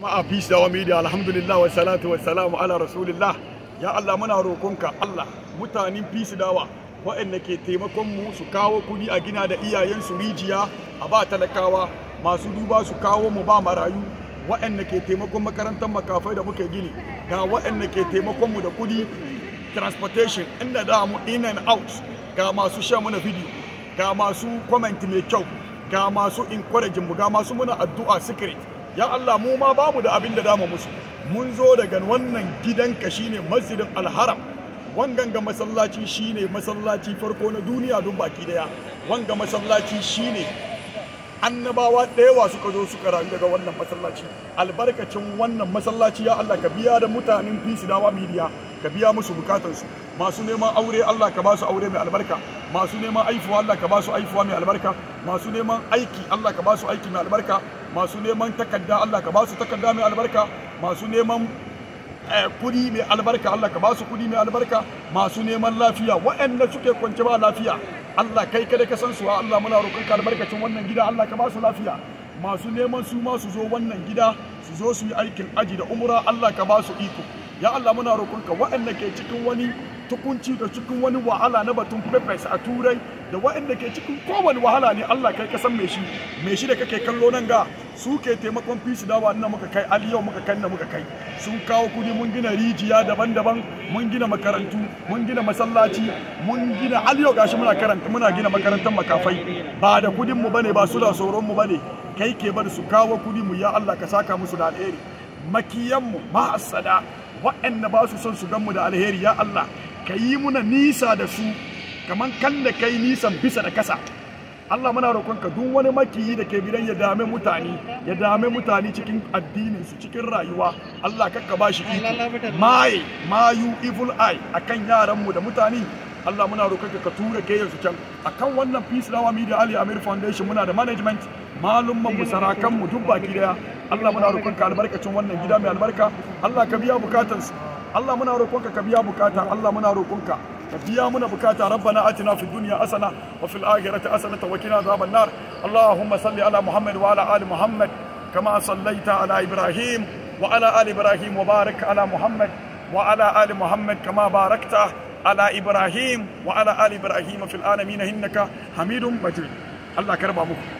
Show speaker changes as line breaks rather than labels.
Ma'a fi dawa media alhamdulillah wa salatu wa salamu ala rasulillah ya Allah muna rokonka Allah mutanen fi dawa waɗanda ke taimakon mu su kawo kuɗi a gina da iyayen su rijiya a ba talakawa masu duba su kawo mu ba marayu waɗanda ke taimakon makarantar makafai da muke gini ga waɗanda ke taimakon mu da kuɗi transportation inda da mu in and out ga masu sha mana video ga masu comment mai kyau ga masu encouraging mu ga masu muna addu'a secret ya Allah mu ma ba mu da abin da dama musu mun zo daga wannan gidanka shine masjidin alharam wangan ga masallaci shine masallaci farko na duniya don baki daya wanga masallaci shine annabawa ɗayawa suka zo suka rayu daga wannan masallaci albarkacin wannan masallaci ya Allah ka biya da mutanen fisidawa miliya ka biya musu bukatansu masu neman aure Allah ka ba su aure mai albarka masu neman aifuwa Allah ka ba su aifuwa mai albarka masu neman aiki Allah ka ba su aiki mai albarka masu neman takarda Allah ka ba su takarda mai albarka masu neman eh, kuɗi mai albarka Allah ka ba su kuɗi mai albarka masu neman lafiya waɗanda suke kwance ba lafiya Allah kai kada ka san su Allah muna roƙon ka albarkacin wannan gida Allah ka ba su lafiya masu neman su ma su zo wannan gida su zo su yi aikin aji da umra Allah ka ba su iko ya Allah muna roƙonka waɗanda ke cikin wani tukunci da cikin wani wahala na batun pepes a turai da waɗanda ke cikin kowane wahala ne Allah kai kasan me shi me shi da kake kallo nan ga su ke taimakon fishi dawa ina muka kai aliyau muka kai na muka kai sun kawo kudi mun gina rijiya daban-daban mun gina makarantu mun gina masallaci mun gina aliyau gashi muna karanta muna gina makarantar makafai ba da kudin mu bane ba su da sauran mu bane kai ke bar su kawo kudi mu ya Allah ka saka musu da alheri makiyan mu asada waɗanda ba su son su ganmu da alheri ya Allah ka yi muna nisa da su kamar kan da kai nisan bisa da kasa Allah muna ka duk wani makiyi da ke bidan ya dame mutane ya dame mutane cikin addinin su cikin rayuwa Allah kakka ba shi iko maye mayu evil eye akan yaran mu da mutane Allah muna roƙarka ka tura gayar su can akan wannan Peace Lawa Media Ali Amir Foundation muna da management malumman mu sarakan mu duk baki daya Allah muna roƙonka albarkacin wannan gida mai albarka Allah ka biya bukatansu Allah muna roƙonka ka biya bukata Allah muna Ka biya muna bukata rabbana atina fid dunya hasana wa fil akhirati hasanata wa qina adhaban nar allahumma salli ala muhammad wa ala ali muhammad kama sallaita ala ibrahim wa ala ali ibrahim wa barik ala muhammad wa ala ali muhammad kama barakta ala ibrahim wa ala ali ibrahim fil alamin innaka hamidum majid Allah karba muku